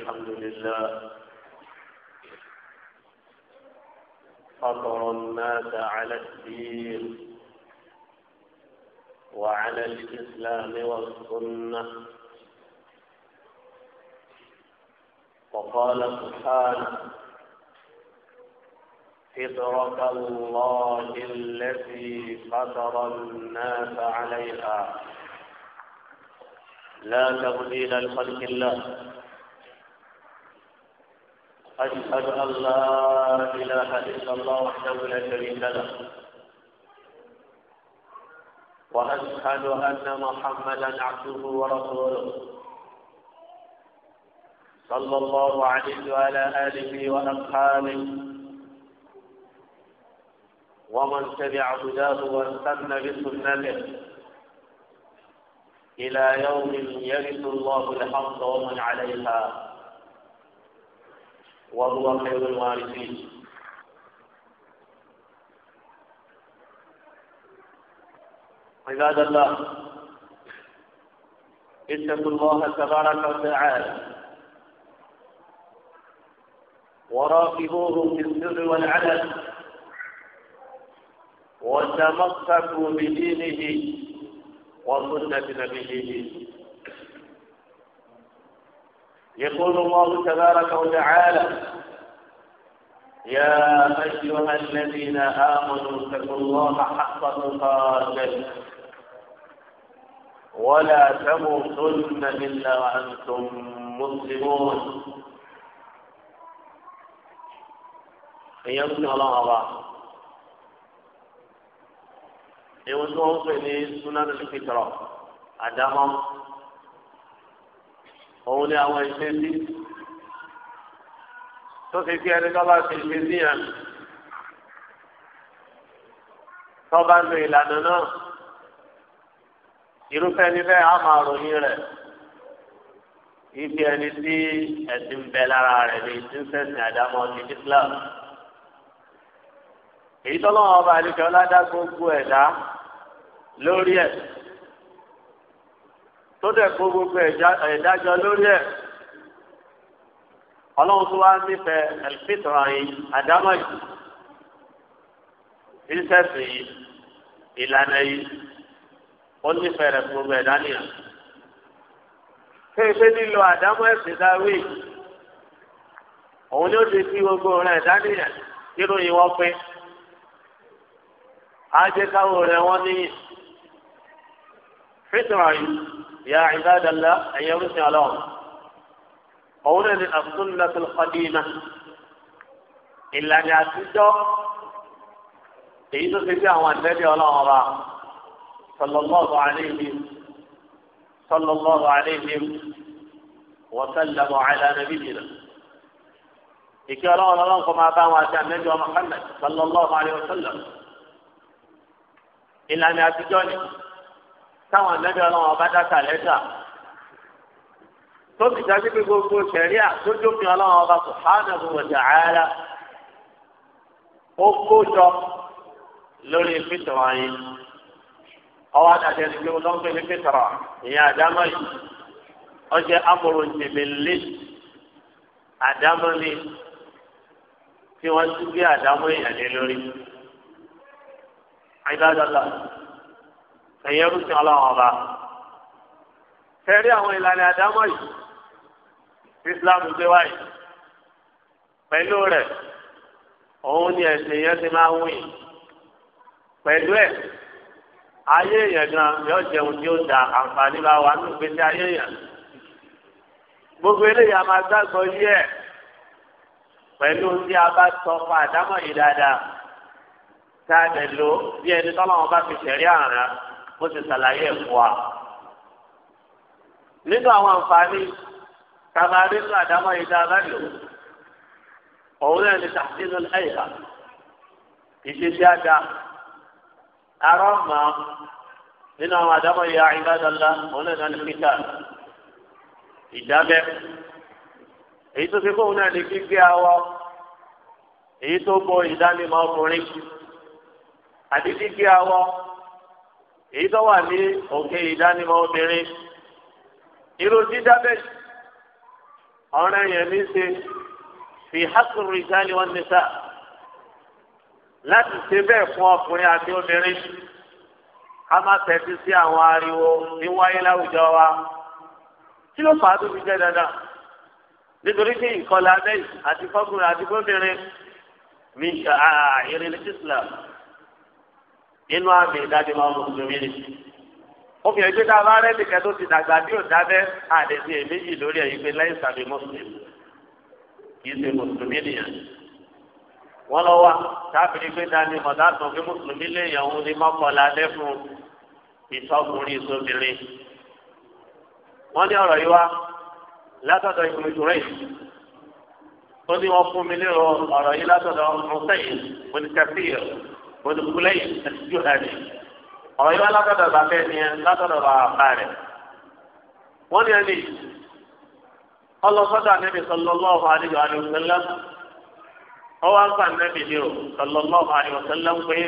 الحمد لله فطر الناس على الدين وعلى الإسلام والسنة وقال سبحانه فطرة الله التي فطر الناس عليها لا تبديل لخلق الله أشهد أن لا إله إلا الله وحده لا شريك له وأشهد أن محمدا عبده ورسوله صلى الله عليه وعلى آله وأصحابه ومن تبع هداه واستنى بسنته إلى يوم يرث الله الحق ومن عليها وهو خير الوارثين عباد الله اتقوا الله تبارك وتعالى وراقبوه في السر والعلن وتمسكوا بدينه وسنة نبيه يقول الله تبارك وتعالى يا أيها الذين آمنوا اتقوا الله حق تقاته ولا تموتن إلا وأنتم مسلمون يصنع الله الله يوزعه في سنن الفطرة أدامه òun ni àwọn ìṣesí tó fi kí ẹni tó bá fi ìṣesí yẹn tó bá lo ìlànà náà irúfẹ́ níbẹ̀ á máa ròyìn rẹ̀ ibi ẹni tí ẹ̀sìn ń bẹ lára rẹ̀ ní ìsúnsẹ̀sìn àdámọ́ ní Islam èyí tọ́lọ́wọ́n ọba àdìgbẹ́ ọlá dá gbogbo ẹ̀dá lórí ẹ̀ tó dẹ̀ kó gbogbo ẹ̀dájọ́ lórí ẹ̀ ọlọ́run tó wá nífẹ̀ẹ́ ẹ̀lfíìtọ̀rọ̀ yìí àdámọ̀ yìí ìṣẹ̀sìn yìí ìlànà yìí ó nífẹ̀ẹ́ rẹ̀ gbogbo ẹ̀dá nìyà. kéèké lílo àdámọ̀ ẹ̀sìn dáwé òun ni ó ti fi gbogbo rẹ̀ ẹ̀dá nìyà níròyìn wọn pé ajẹ́káwó rẹ̀ wọ́n níyì fíìtọ̀rọ̀ yìí. يا عباد الله أن يرسل لهم قولنا السنة القديمة إلا أن يعتجوا إذا سجعوا النبي الله صلى الله عليه صلى الله عليه وسلم على نبينا إكي الله الله كما بان واسع النبي محمد صلى الله عليه وسلم إلا أن يعتجوني táwọn ẹlẹ́bí ọlọ́wọ́n bá dáta lẹ́tà tó ti dájú pé gbogbo sẹ̀ríà tó jókòó ọlọ́wọ́n bá subhanahu wa ta'ala ó kó jọ lórí fìtọ̀rọ̀ yìí ọwọ́ àdàtẹ̀ ni pé wọ́n ń ní fìtọ̀rọ̀ ìyẹn àdámọ́ yìí ọjọ́ amòrò jìbìlì àdámọ́ ni tí wọ́n ti gbé àdámọ́ ìyàlẹ́ lórí ẹ̀yẹ rúṣin ọlọ́run ọba. Fẹ́rí àwọn ìlànà àdámọ́ yìí, Islam gbé wáyé. Pẹ̀lú rẹ̀, òun ni ẹ̀sìn yẹn ti máa ń wìn. Pẹ̀lú ẹ̀, ayé èèyàn gan yóò jẹun tí ó da àǹfààní bá wà ní ìgbésí ayé èèyàn. Gbogbo eléyìí a máa gbàgbọ́ yí ẹ̀ pẹ̀lú tí a bá sọ fún àdámọ́ yìí dáadáa. Táà dẹ̀ lo bí ẹni tọ́lọ́wọ́n bá fi ṣẹ̀rí àrùn bó ṣe ṣàlàyé ẹ̀kọ́ wa. nínú àwọn àǹfààní tàbí nínú àdámọ́ ìdá abáyọ̀ òun náà ní tàbínú ẹ̀yà ìṣesí àga arọ́mà nínú àwọn àdámọ́ ìyá ìbádọ́lá òun náà ní pítà ìdábẹ́ èyí tó fi kóun náà ní gbígbé awọ èyí tó bo ìdánimọ̀ ọkùnrin àti gbígbé awọ èyí tó wà ní òkè ìdánimọ̀ obìnrin irú dídábẹ́ ọ̀rẹ́ yẹn ní ṣe fi hakùn rìsálì wọn ní sá láti ṣe bẹ́ẹ̀ fún ọkùnrin àti obìnrin ká má tẹ̀sí sí àwọn ariwo ní wáyé láwùjọ wa kí ló fà á tó fi jẹ́ dandan nítorí pé ìkọlà abẹ́yì àti fọ́kùnrin àti fọ́bìnrin mi ṣe àìrìn islam nínú àmì ìdájọ́ máa ń mùsùlùmí ni. obìnrin gbé dáa bá rẹ́ nìkan tó ti dàgbà bí ò dábẹ́ àdèsí èméjì lórí ẹ̀yìn pé lẹ́yìn sàbí mùsùlùmí kì í ṣe mùsùlùmí nìyẹn. wọ́n lọ wá tábìlì gbé dání mọ̀tà tó fi mùsùlùmí léèyàn òun ní mọ́kànlá lẹ́fún ìsọkùnrin ìsọmìnrin. wọ́n ní ọ̀rọ̀ yìí wá látọ̀dọ̀ ìgbìmọ̀ ó ní wọn fún mi lérò ọ̀rọ̀ yìí látọ̀dọ̀ ọ̀sẹ̀ olùkúlẹ̀yìn àti jùhàdì ọ̀rọ̀ yìí wá látọ̀dọ̀ bàbá ẹni ẹ látọ̀dọ̀ bàbá rẹ̀ wọ́n ní ẹni ọlọ́sọ́dọ̀ anábì sallallahu alaihi wa sallam ọwọ́ àgbà anábì ni o sallallahu alaihi wa sallam pé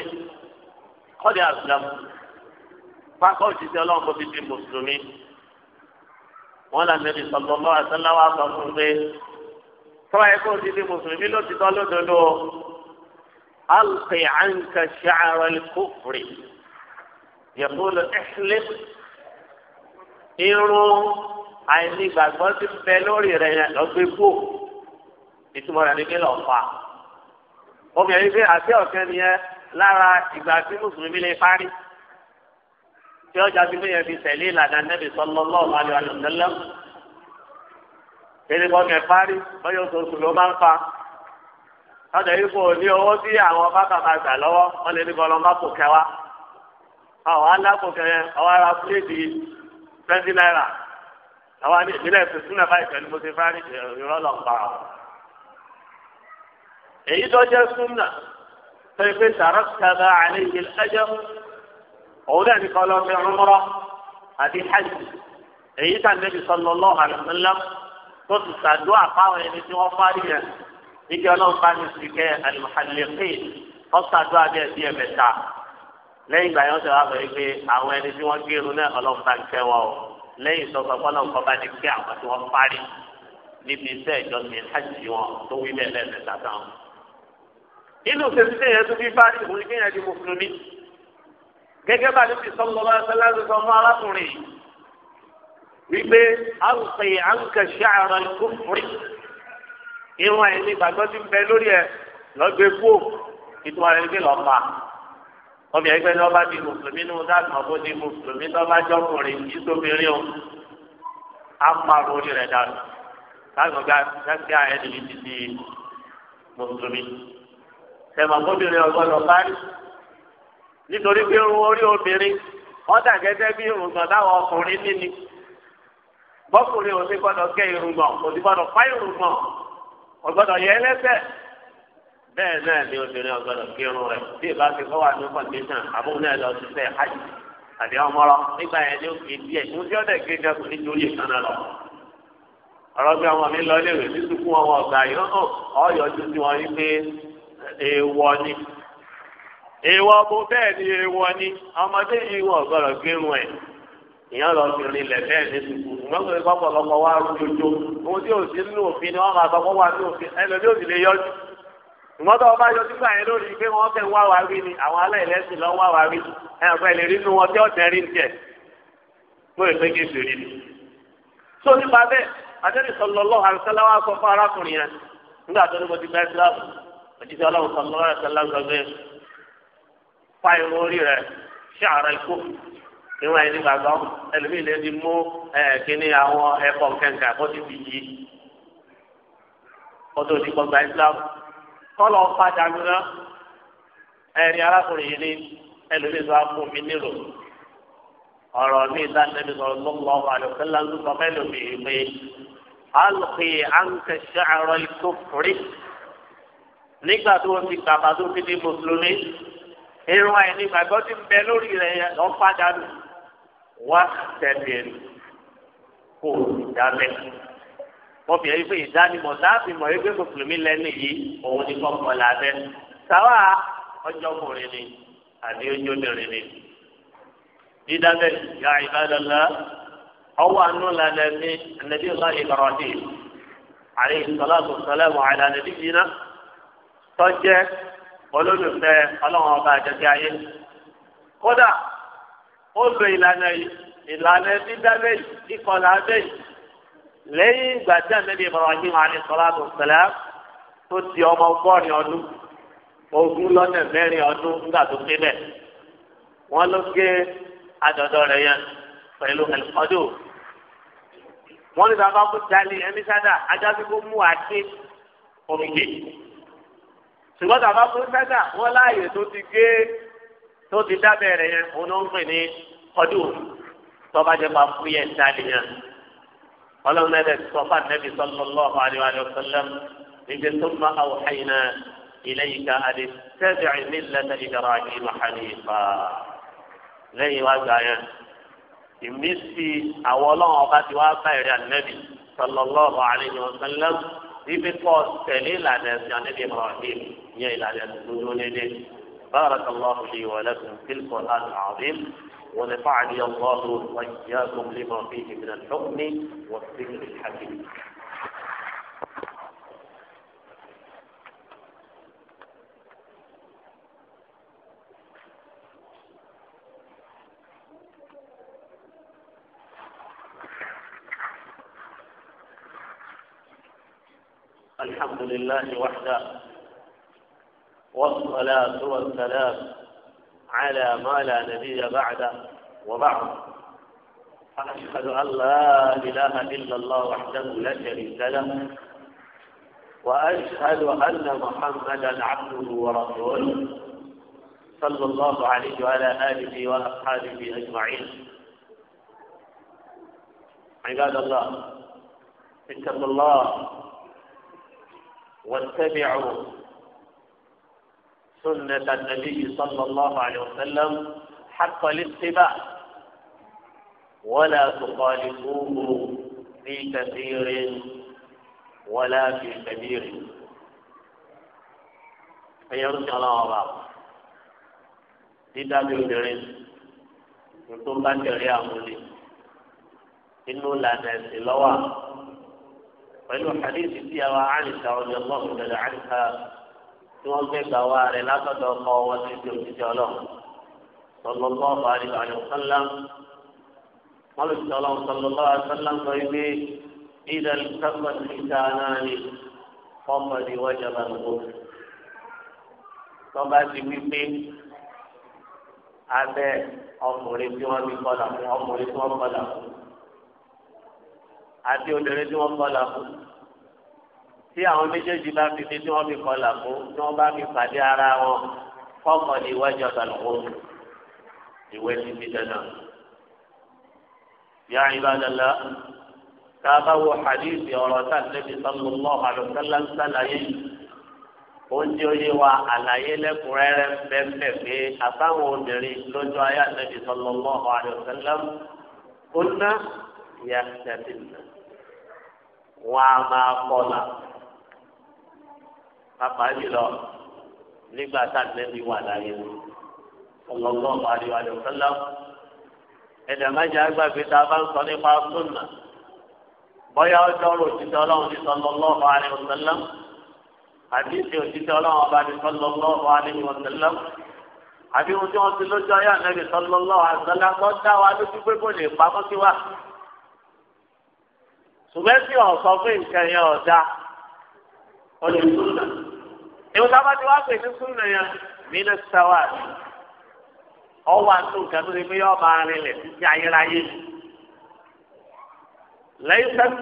kọ́dí àgbàm pápá òṣìṣẹ́ ọlọ́run kò fi di mùsùlùmí wọ́n là anábì sallallahu alaihi wa sallam wà sọ fún pé tọ́wọ́ ẹ̀kọ́ òṣìṣẹ́ mùsùlùmí ló ti tọ́ lódodo ألقي عنك شعر الكفر يقول احلم irun àìní gbàgbọ́ ti bẹ lórí rẹ̀ yẹn lọ́gbẹ́ kú ìtumọ̀ rẹ̀ ní kílọ̀ fa obìnrin pé àti ọ̀kẹ́ nìyẹn lára ìgbà tí mùsùlùmí lè parí tí ọjà tí bẹ́yẹn fi tẹ̀lé ìlànà nẹ́bí sallallahu alaihi wa sallam kí ni wọ́n kẹ́ parí bọ́yọ̀ oṣooṣù ló máa ń fa ọ̀dọ̀ yìí kò ní owó sí àwọn bákàbàgbà lọ́wọ́ wọ́n lè ní kọ́ lọ́n bá kò kẹ́ wa àwọn alákòókè yẹn àwọn ará pléèdì twenty naira àwọn àti ìpínlẹ̀ fifteen náà báyìí pẹ̀lú mọ́tò fárí ìrọ́ lọ pa ọ́. èyí tó jẹ́ súnmà tó yẹ pé sàrọ́sàbà àlejò ẹjọ́ òun náà ní kọ́ fi rúmọ́rọ́ àti hajj èyí tàn níbi sọlọ́lọ́ àlùmọ́lá tó ti sàdúrà fáwọn ẹni tí wọ́n fárí yẹn ike ọlọ́run bá ní sikẹ́ alimuhalileke ọ̀sàdó abẹ́ ẹ̀sìn ẹ̀mẹ́ta lẹ́yìn ìgbà yẹn wọ́n ti wá sọ pé àwọn ẹni tí wọ́n gbé irun náà ọlọ́run bá ń kẹ́ wọn o lẹ́yìn ìsọ̀kan ọlọ́run kọ́ bá ní kí àwọn tí wọ́n parí níbi iṣẹ́ ìjọsìn hajj wọn tó wí bẹ́ẹ̀ lẹ́ẹ̀mẹ́ta tán. inú sèpítẹ́ yẹn tún bí bá ìwé kéèyàn di mùsùlùmí gẹ́gẹ́ bá níbi sọ́kọ́ sọ́lá ìwọ̀n ẹ̀ ní gbàgbọ́ ti ń bẹ lórí ẹ̀ lọ́gbẹ́ kú ìtura ẹ̀ ní lọ́pa ọbẹ̀ ẹgbẹ́ ní ọba di mùsùlùmí ní ọdún àgbà bó di mùsùlùmí ní ọba jọkùnrin yìí sóbìnrin o á pa lórí rẹ̀ dànù lágbègbè àti àyẹ̀ níbi ti di mùsùlùmí tẹ̀mọ̀ gómìnrin ọgbọ́dọ̀ parí nítorí pé irun orí obìnrin wọ́n dà gẹ́gẹ́ bí irùngbọ̀n táwọn ọkùnrin níní bọ́kùnrin ò gbọ́dọ̀ gé irùngbọ̀n kò sí gbọ́dọ̀ pa irùngbọ̀n. ọgbọdọ yẹ ẹlẹ́sẹ̀ bẹ́ẹ̀ náà ni obìnrin ọgbọ́dọ̀ kírun rẹ̀ bí ìbá ti kọ́ wà ní kọ̀ǹdíṣàn àbúrò náà lọ síṣẹ́ hajj àbí ọmọlọ nígbà yẹn ni ó fi díẹ̀ ní ojú ọ̀dẹ̀ kéde kò ní torí lọ. bí ọmọ mi lọ si títún fún ọmọ yìí wọn wípé ni bó èèyàn lọ sí orin ilẹ̀ bẹ́ẹ̀ ní sùkú ṣùgbọ́n pé kọ́pọ̀lọpọ̀ wá rú jojo ohun tí òsì nínú òfin ni wọ́n máa sọ fún wa ní òfin ẹnu ní òsì lè yọjú ṣùgbọ́n tó o bá yọjú gbà yẹn lórí pé wọ́n fẹ́ wá wa rí ni àwọn aláìlẹ́sìn lọ́ wá wa rí ẹ̀yàn pẹ́ lè rí inú wọn tí ọ̀tẹ̀ rí tiẹ̀ tó ìpè kí èsì rí ni. tó nípa bẹ́ẹ̀ adẹ́rì sọlọ́lọ́ àrùsálá níwọ̀n ẹni gbàgbọ́ ẹlòmíì lè ti mú kíní àwọn ẹ̀kọ́ kẹ̀kẹ́ kó ti fi yí kótó ti gbọgbà Islam kọ́lọ̀ padà mìíràn ẹ̀rí arákùnrin yìí ni ẹlòmíì sọ fún mi nílò ọ̀rọ̀ mi ìdánilẹ́bi sọ̀rọ̀ lọ́wọ́ àlùkálá ń sọ mẹ́lòmíì pé alùpùpù àǹkẹ́ sàárọ̀ ikú fúri nígbà tó ti gbàgbà tó fi di mùsùlùmí irun àìní gbàgbọ́ ti ń bẹ lórí rẹ̀ lọ́ padà wá tẹ̀lé kó o sì dálẹ̀. wọ́n fi ẹ̀rí pé ìdánimọ̀ láàfin mọ̀ ẹgbẹ́ mùsùlùmí lẹ́nu yìí òun ni kọ́kọ́ lábẹ́. sáwà ọjọ́ ọkùnrin ni àbí ojú obìnrin ni. dídábẹ́ ya ibadallah ọwọ́ àánú lànà ní ẹnẹ́bí ọ̀la Ibrahim alayhi salatu wassalamu ala nabiyyina tọ́jẹ́ olólùfẹ́ ọlọ́run ọba àjẹsí ayé. kódà ó lo ìlànà yìí ìlànà dídá bẹ́ẹ̀ ìkọlà bẹ́ẹ̀ lẹ́yìn ìgbà tí ànábì Ibrahim alayhisalatu salam tó ti ọmọ ọgọ́rin ọdún ogún lọ́nà mẹ́rin ọdún nígbà tó ké bẹ́ẹ̀ wọ́n ló gé adọ̀dọ̀ rẹ̀ yẹn pẹ̀lú ẹ̀lọ́dọ̀ wọ́n ní bàbá kó jalè ẹni sádà kó mú àti omi kè ṣùgbọ́n bàbá kó sádà wọ́n láàyè tó ti gé tó ti dábẹ́ rẹ̀ yẹn òun ló ń pè ní ọdún tọ́ba jẹ́ pa fúyẹ́ ìtàlẹ̀ yẹn ọlọ́run ẹ̀dẹ̀ sọ́fà nẹ́bí sallallahu alaihi wa sallam níbi tó ma àwọ̀ ẹ̀yìnà ilayka àdé tẹ́bìrì millata Ibrahim hanifa lẹ́yìn wá gbà yẹn ìmísí àwọn ọlọ́run ọba ti wá bá ìrìn ànẹ́bí sallallahu alaihi wa sallam níbi بارك الله لي ولكم في القرآن العظيم ونفعني الله وإياكم لما فيه من الحكم والفكر الحكيم الحمد لله وحده والصلاة والسلام على ما لا نبي بعده وبعد أشهد أن لا إله إلا الله وحده لا شريك له وأشهد أن محمدا عبده ورسوله صلى الله عليه وعلى آله وأصحابه أجمعين عباد الله اتقوا الله واتبعوا سنة النبي صلى الله عليه وسلم حق الاتباع ولا تخالفوه في كثير ولا في كبير فيرجع الله بعض dídábì obìnrin tó bá tẹ̀lé àmúlé inú lànà ẹ̀sìn lọ́wọ́ pẹ̀lú hadith tí a wá àlìsà ọ̀dọ̀ ọlọ́run lọ́dọ̀ àlìsà tí wọ́n gbé gbà wá rẹ̀ látọ̀dọ̀ ọkọ wọn ti di òjijì ọlọ́run sọlọ́lọ́ àbáyọ àyọ̀sọ́lá wọ́n lè sọ ọlọ́run sọlọ́lọ́ àyọ̀sọ́lá ń sọ ibi ìdá ìtàkùn ìta náà ni ọmọ ìwájà bá ń gbó. tọ́ba ti wí pé abẹ́ ọkùnrin tí wọ́n fi kọlà fún ọkùnrin tí wọ́n kọlà fún àti obìnrin tí wọ́n kọlà fún tí àwọn méjèèjì bá fi fi tí wọ́n fi kọlà fún tí wọ́n bá fi pàdé ara wọn kọ́kọ́ ní iwájú ọ̀tàlùkọ́ ìwé ti fi dandan. Yá ìbádàlá tá a bá wo hadithi ọ̀rọ̀ tá a tẹ́bi sallallahu alaihi wasallam sálàyé oúnjẹ oyé wa àlàyé lẹ́kùnrẹ́rẹ́ bẹ́ẹ̀ pé àbáwọn obìnrin lójú ayé àtẹ́bi sallallahu alaihi wasallam ó ná ìyá wọn a máa kọlà pàápàá jùlọ nígbà tá a lẹ́bi wà láyé ọlọ́gbọ́n àríwá ló sọ́lá ẹ̀dá májà àgbàgbé tá a bá ń sọ nípa súnà bọ́yá ọjọ́ ọ̀rọ̀ òtítọ́ ọlọ́run ti sọ lọ́lọ́ọ̀bù àríwá sọ́lá àbí ìṣe òtítọ́ ọlọ́run ọba ti sọ lọ́lọ́ọ̀bù àríwá sọ́lá àbí ohun tí wọ́n ti lójú ayé ànábì sallallahu alaihi wasallam tó dá wa lójú pé kò lè pamọ́ sí wa. ṣùgbọ́n tí ọ̀sán fún nǹkan ọ̀dà ọ̀lẹ́ ìṣúná ìwọ sábà tí wàá pè ní súnà yẹn mílẹ̀ sáwà ọwọ́ àti nǹkan tó ti fi yọ máa rinlẹ̀ títí ayérayé lẹ́yìn sẹ́nu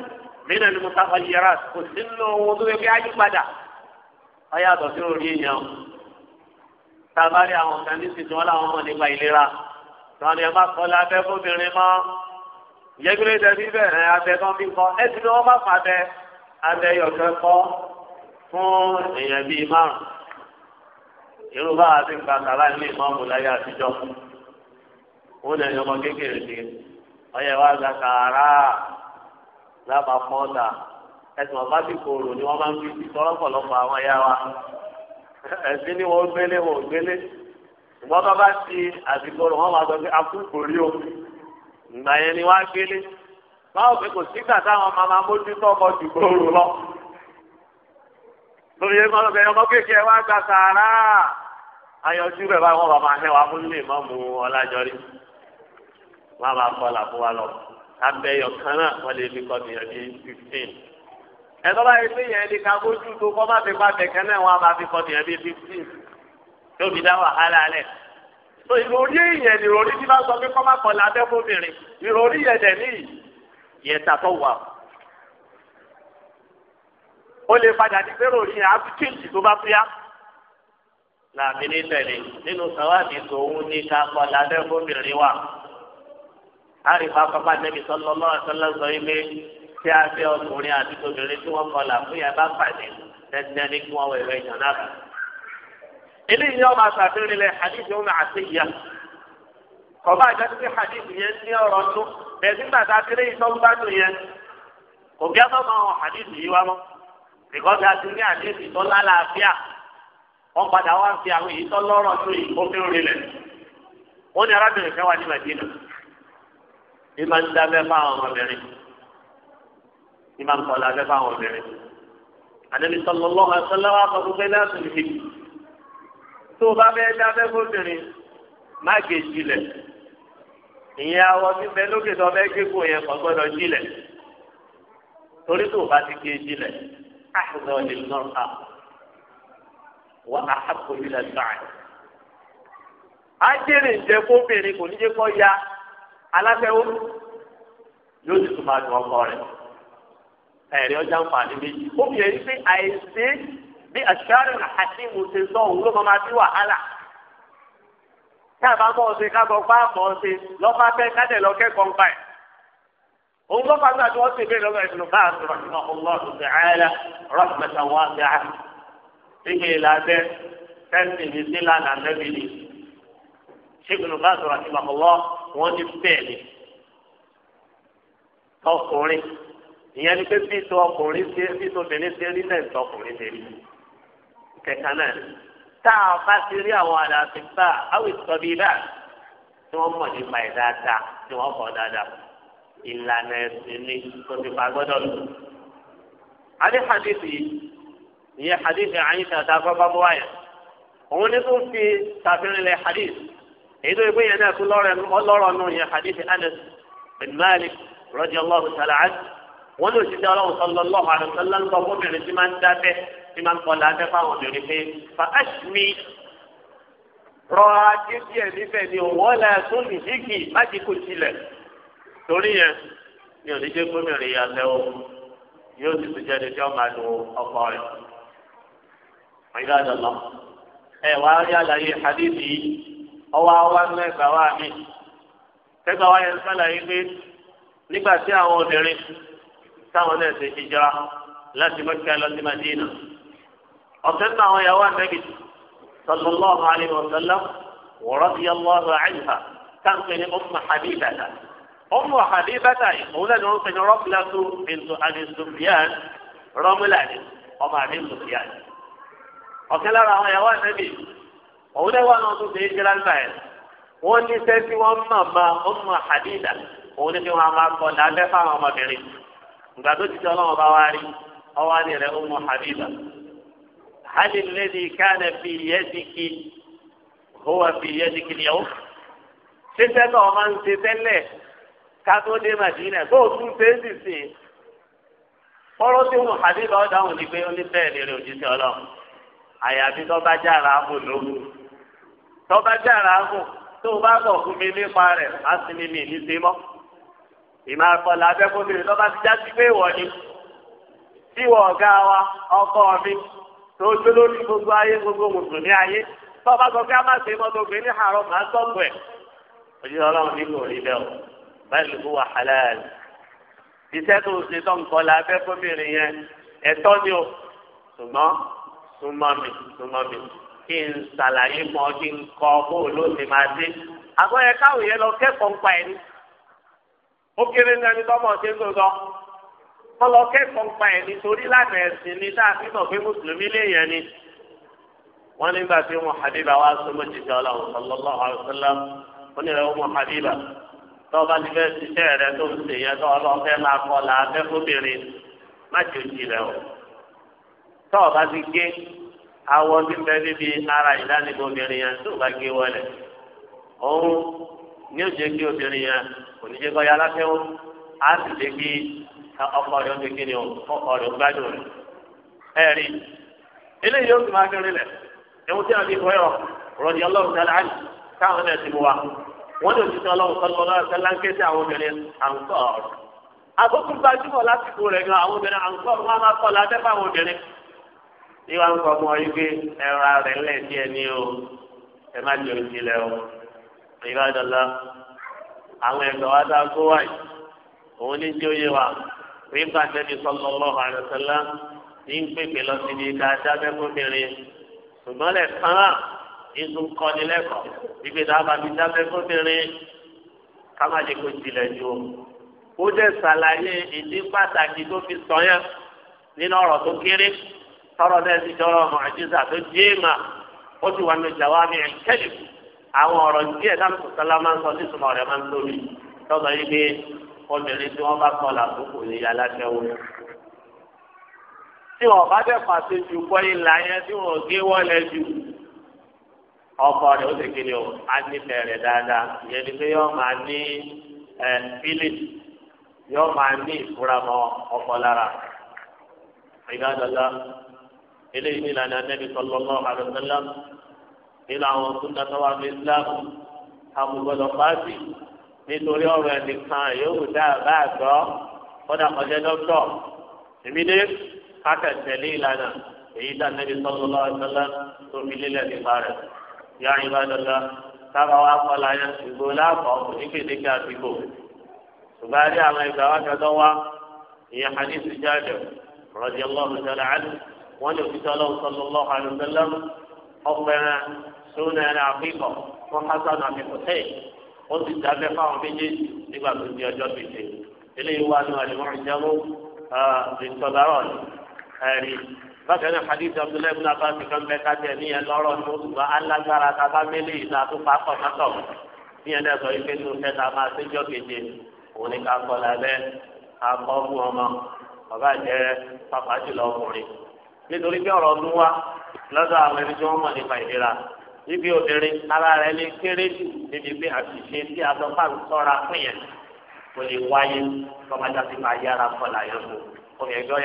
mílẹ̀ ní mustapha yẹra kò sí nínú ohun tó fi fi ayípadà ọyàtọ̀ sí orí èèyàn tábàárí àwọn kan ní sísun wọn làwọn mọ̀ nípa ìlera wọn ni ẹ má kọ́ lábẹ́ fóbìnrin mọ́ yẹgbẹ́rẹ́ dẹbí bẹ́ẹ̀ abẹ kan fi kọ́ ẹ ti ní wọ́n má fà bẹ́ẹ̀ abẹ yọ̀kẹ́ kọ́. fún èèyàn bíi márùn irú bá a ti ń ka kàrá ilé ìmọ̀ọ́mù láyé àtijọ́ ó lè yọmọ kékeré ni ọyẹ wa gba lábà ẹsùn ọba ti kòrò ni wọ́n máa ń fi ti àwọn wa ẹ̀sìn ni wọ́n gbélé wọ́n gbélé ìgbọ́n bá bá ti àsìkò rẹ̀ wọ́n máa sọ pé akúkò rí o ìgbà yẹn ni wọ́n á gbélé báwo pé kò sí kàtà àwọn máa mójútó lọ. lórí ẹgbẹ́ ọlọ́bẹ̀rẹ̀ ọmọ kéèké ẹ wá gba sàárà ayọ̀jú bẹ̀ báwọn bàbá ahẹ́ wa fún lè mọ́ mu ọlájọrí wọn bá kọ́ là fún wa lọ abẹ́yọ̀ kan náà wọ́n lè fi kọ́ bìyànjú fifteen ẹ̀tọ́ bá yẹ pé yẹn ni ká bójú tó kọ́ má fi pa kẹ̀kẹ́ náà wọ́n á máa fi kọ́ bìyànjú fifteen tó fi dá wàhálà lẹ̀ tó ìròrí èèyàn ni ìròrí tí bá sọ pé kọ́ má kọ́ làbẹ́ fóbìnrin ìròrí yẹn dẹ̀ níyì yẹn tàtọ̀ wà ó lè padà ní pé rò yẹn àbúchéǹtì tó bá fúyà. làmì ní tẹ̀lé nínú sàwádìí tòun ní ká kọ́ lábẹ́ gómìnrin wa. àríwá pápá nẹ́bí sallallahu alaihi wasallam sọ ilé tí a fẹ́ ọkùnrin àti obìnrin tí wọ́n kọ́ là fún yẹn bá pàdé dandan ní kí wọ́n wẹ̀wẹ̀ ìjọ náà. eléyìí ni wọ́n máa ṣàfihàn hadith ọmọ àti ìyá kọba hadith yẹn ní ọ̀rọ̀ tó bẹ́ẹ̀ because a ti ní àdéhùn tó lálàáfíà wọn padà wá fi àwọn èyí tó lọ́rọ̀ tó yìí kó fẹ́ràn rẹ̀ wọn ní arábìnrin fẹ́ wá ní Madina ní máa ń dábẹ́ fáwọn ọmọbìnrin ní máa ń kọ́ lábẹ́ fáwọn obìnrin àdébí sallallahu alaihi wasallam wà fún pé láti fi tó o bá fẹ́ dábẹ́ fóbìnrin má gé jilẹ̀ ìyẹn awọ bíbẹ lókè tó o fẹ́ gé kó yẹn kọ́ gbọ́dọ̀ jilẹ̀ torí tó o bá ti gé jilẹ̀. أحظى للمرأة وأحب إلى البعد ajẹ́rìí ń jẹ kóbìnrin kò ní jẹ́ kó ya aláfẹ́wọ́ yóò ti tún máa dùn ọkọ rẹ̀ ẹ̀rí ọjà ń fàánì méjì obìnrin ní pé àìsí bí àṣàrò àti ìmùsè sọ òun ló máa bí wàhálà tá a bá mọ̀ ọ́ sí ká bọ́ pa mọ̀ ọ́ sí lọ́fà fẹ́ ká tẹ̀ lọ kẹ́kọ̀ọ́ ń báyìí. òun bá fàgbà tí wọ́n ṣe bẹ́ẹ̀ lọ́gbà ìṣúná bá àti rọ̀ṣùmọ̀ ọlọ́run ti àyàlá rọ̀ṣùmọ̀tà wá sí a. Ṣéke ìlàbẹ́ fẹ́ǹsì ní sílànà lẹ́bìlì. Ṣégun bá àti rọ̀ṣùmọ̀ ọlọ́ wọn ni. Tọkùnrin ìyẹn ni pé bíso ọkùnrin ṣe bíso obìnrin ṣe rí náà tọkùnrin ṣe rí. Kẹ̀kẹ́ náà ìlànà ẹ̀sìn ni tó ti fa gbọ́dọ̀ lò. adé hadith yìí ìyẹn hadith àyíṣà tá a fọ́fọ́ bó wáyà òun ní tó ń fi tàbírin lẹ hadith èyí tó ìgbéyàn náà tún lọ́rọ̀ nù ìyẹn hadith Anas bin Malik radiyallahu ta'ala anhu wọn lè ṣiṣẹ́ ọlọ́run sọlọ lọ́wọ́ àrùn sọlọ ń bọ̀ fóbìnrin tí máa ń dábẹ́ tí máa ń kọ́ lábẹ́ fáwọn obìnrin pé fa ashmi rọra díẹ̀ díẹ̀ nífẹ̀ẹ́ ni òun ọ̀la ẹ̀sùn nìyíkì má ti kò tilẹ̀ torí yẹn mi ò ní jẹ́ gómìnà ìyàtẹ̀ o yóò ti tún jáde tí wọ́n máa lo ọkọ rẹ̀ ọ̀yọ́ àdàlọ́ ẹ wá rí àlàyé hadithi ọwọ́ àwa ń lẹ́gbà wá mi lẹ́gbà wá yẹn sálàyé pé nígbà tí àwọn obìnrin táwọn náà ṣe hijira láti Mẹ́kà lọ sí Madina ọ̀sẹ̀ náà àwọn ìyàwó àtẹ́gì sallallahu alaihi wa sallam wa radiyallahu anha táǹkì ní Umm Habiba ọmọ àdébátà òun náà ni wọ́n pè ní rọ́pìlátù ètò àdìsùnfìàn rọ́múlàdì ọmọ àdìsùnfìàn. ọ̀kẹ́ lára àwọn ìyàwó àtẹ́bí òun náà wà náà tó ṣe é jẹ́ lágbà ẹ̀ wọ́n ní sẹ́sí wọ́n mọ̀ mọ́ ọmọ àdìdà òun ní kí wọ́n máa kọ́ lábẹ́ fáwọn ọmọbìnrin ìgbà tó ti tẹ ọlọ́run bá wá rí ọwọ́ rẹ̀ ọmọ àdìdà hali kátó dé màdínà bó o tún ṣe é sì sí i kọ́rọ́ tí mo pàdé bá dáhùn ni pé ó ní bẹ́ẹ̀ lè rè òjíṣẹ́ ọlọ́run àyàfi tọ́ba jára lóhùn tọ́ba jára tó o bá bọ̀ fún mi nípa rẹ̀ á sì ní mi ní mọ́ ìmọ̀ àkọlà tọ́ba ti já sí pé ìwọ ni tí ìwọ ọ̀gá wa ọkọ mi tó gbogbo ayé gbogbo mùsùlùmí ayé báyìí ló wà halal iṣẹ́ tó ṣe tó ń kọ́ la abẹ́ fómìnrin yẹn ẹ̀tọ́ ni o ṣùgbọ́n súnmọ́ mi súnmọ́ mi kí n ṣàlàyé mọ́ kí n kọ́ bó ló ti máa dé àgbọ̀yẹ káwọn yẹn lọ kẹ́kọ̀ọ́ ń pa ẹni ó kéré ní ẹni tọ́mọ̀ ṣe ń sọ kọ́ lọ kẹ́kọ̀ọ́ ń pa ẹni torí lánà ẹ̀sìn ni tá a fi mọ̀ pé mùsùlùmí léèyàn ni wọ́n nígbà tí wọn Habiba wá sọmọ́ jìjọ́ ọlọ́run sọlọ́lọ́ tọ́ba ti fẹ́ ṣiṣẹ́ rẹ tó ń ṣe yẹ tó ọlọ́fẹ́ máa kọ́ la afẹ́kọ́bìnrin má ti òjì rẹ o tọ́ba ti gé awọ ti fẹ́ níbi ara ìdánimọ̀ obìnrin yẹn tó bá gé wọlé òun ní òjò kí obìnrin yẹn kò ní jẹ́ kọ́ ya aláfẹ́wọ́ á sì lè kí ọkọ rẹ̀ ó kí ni ọkọ rẹ̀ ó gbádùn rẹ̀ ẹ̀rí eléyìí ó sì máa kéré lẹ̀ ẹ̀wọ̀n tí a ti kọ́ yọ rọ̀dí ọlọ́run tẹ́lẹ̀ àná táwọn wọ́n ní òṣìṣẹ́ ọlọ́run sọ́lọ́ lọ́wọ́ ṣe láńkẹ́sì àwọn obìnrin àǹkọ́ọ̀rù. àkókò gbajúmọ̀ lásìkò rẹ̀ gan àwọn obìnrin àǹkọ́ọ̀rù wọn máa kọ́ lábẹ́ fáwọn obìnrin. ìwà ń kọ́ ọmọ yìí pé ẹ̀rọ rẹ̀ lẹ̀ díẹ̀ ní o ẹ má jẹ òjìlẹ̀ o. ìwà dọ̀la àwọn ẹ̀gbẹ́ wa dá kó wáyé òun ní jẹ́ òye wa rí bá tẹ́bi sọ́lọ́ lọ́wọ́ àrẹ̀sẹ̀lá ní pèpè lọ sí ibi dáadáa bẹ́ẹ̀ ìsún kọ́ni lẹ́kọ̀ọ́ ibi tá a bá fi dábẹ́ fóbìnrin ká má jẹ́ kó tilẹ̀ ju o. ó dẹ̀ ṣàlàyé ìdí pàtàkì tó fi sọ yẹn nínú ọ̀rọ̀ tó kéré tọ́rọ̀ náà ti jọrọ̀ ọmọ àjíṣà tó jéèmà ó sì wà ní jàwámi ẹ̀kẹ́lì àwọn ọ̀rọ̀ díẹ̀ dáhùn sọ́lá máa ń sọ ní ìsúnmọ̀ rẹ̀ máa ń lórí tọ́gbà yìí pé obìnrin tí wọ́n bá kọ́ làkókò ní aláṣẹ́wó tí wọn bá bẹ fàṣẹ ju kọ ilà yẹn tí wọn gé wọlé ju ọkọ rẹ ó sì kiri o á nífẹ̀ẹ́ rẹ dáadáa ìyẹn ni pé yóò máa ní ẹ philip yóò máa ní ìfura mọ ọkọ lára ìdádọ́lá eléyìí ní ìlànà Ànábì sallallahu alaihi wasallam nínú àwọn súnà tó wà ní Islam àbúgbọ́dọ̀ pàṣẹ nítorí ọ̀rọ̀ ẹnìkan yóò dá àbá àgbọ̀ kọ́dà kọjá dọ́kítọ̀ èmi dé kákẹ́ tẹ̀lé ìlànà èyí tí Ànábì sallallahu alaihi wasallam tó fi lélẹ̀ nípa rẹ̀ yá ìbá dandan sábà wà kọ́lá yẹn ìgbò láàkọ́ oníkèdèkè àdìgbò ṣùgbọ́n àdé àwọn ìgbà wà kẹ́tọ́ wá ìyẹn hadith jáde rọ̀jẹ̀ lọ́rù sẹ́lẹ̀ àdì wọ́n lè fi sọ́lọ́ sọ́lọ́ àlùsẹ́lẹ́mù ọ̀pẹ̀rẹ̀ sóun ẹ̀rẹ̀ àfikọ̀ fún hasan àti hussein ó sì dábẹ́ fáwọn méjèèjì nígbà tó di ọjọ́ gbèsè eléyìí wà ní àdìmọ́ ìjẹ́mú ìtọ́lárọ̀ bákan náà hadith abdullahi ibn abbas kan bẹ ká tẹ níyẹn lọ́rọ̀ ní oṣù bá alágbára tábà mélé ìta tó pa kọ̀kọ̀tọ̀ níyẹn náà sọ ife tó fẹ́ ta máa séjọ́ keje òní ká kọ́ lábẹ́ akọ́ fún ọmọ bàbá jẹ pàpà jùlọ ọkùnrin nítorí pé ọ̀rọ̀ ọdún wa lọ́dọ̀ àwọn ẹni tí wọ́n mọ̀ nípa ìlera níbi obìnrin ara rẹ̀ lè kéré jù níbi pé àṣìṣe tí a sọ fáwọn sọ́ra fún yẹn kò lè wáyé kọ́mọ́jà ti máa yára kọ́ làyẹ̀wò obìnrin tó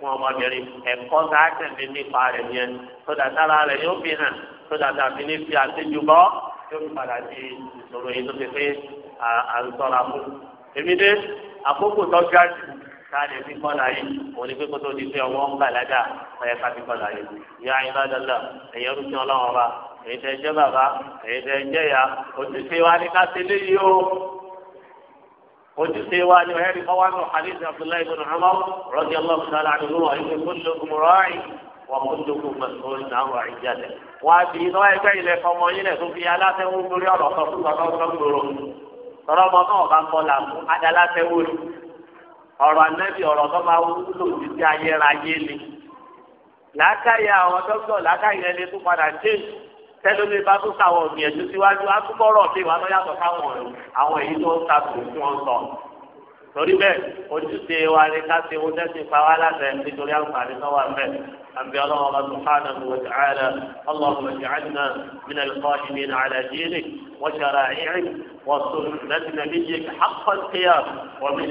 fún ọmọbìnrin ẹ̀kọ́ tá a tẹ̀lé nípa rẹ̀ yẹn sódà tára rẹ̀ yóò fi hàn sódà tàbí ní fi àtẹ́jú bọ́ yóò fi padà di ìṣòro yìí tó fi pé à ń tọ́ra fún. èmi dé àkókò tó ga jù ká lè fi kọ́ láyé òun ni pé kó tó di pé ọwọ́ ń bàlágà ọ̀yẹ́ ká fi kọ́ láyé. ìyá ìbádọ́lá ẹ̀yẹ́ rúfin ọlọ́run ọba èyí tẹ́ jẹ́ bàbá èyí tẹ́ jẹ́ ìyá òtítí wa ni ká ojúṣe wa ni ọ̀hẹ́rì kọ́ wá ní hadith abdullahi bin umar radiyallahu ta'ala anhu wa ibi kullukum ra'i wa kullukum mas'ulun 'an ra'iyyatihi. wà á bí iná ẹgbẹ́ ilẹ̀ fọmọ yín lẹ̀ tó fi alásẹ̀wó lórí ọ̀rọ̀ sọ fún ọ̀rọ̀ sọ gbòòrò tọ́rọ ọmọ náà bá kọ́ là fún adalásẹ̀wó ni ọ̀rọ̀ anẹ́bí ọ̀rọ̀ tó máa wúlò tẹlifí bá tún sáwọn òmìnirú síwájú akúkọrọ tí wàá lọ yàtọ̀ sáwọn àwọn èyí tó ń ta kù tí wọn sọ torí bẹ́ẹ̀ ojúṣe wa ni ká ti wọn tẹsí pa wá láti nítorí àǹfààní náà wà bẹ́ẹ̀ àbí ọlọ́run ọba subhanahu wa ta'ala allahumma ij'alna min al-qa'imin ala dinik wa shara'i'ik wa sunnati nabiyyik haqqa al-qiyam wa min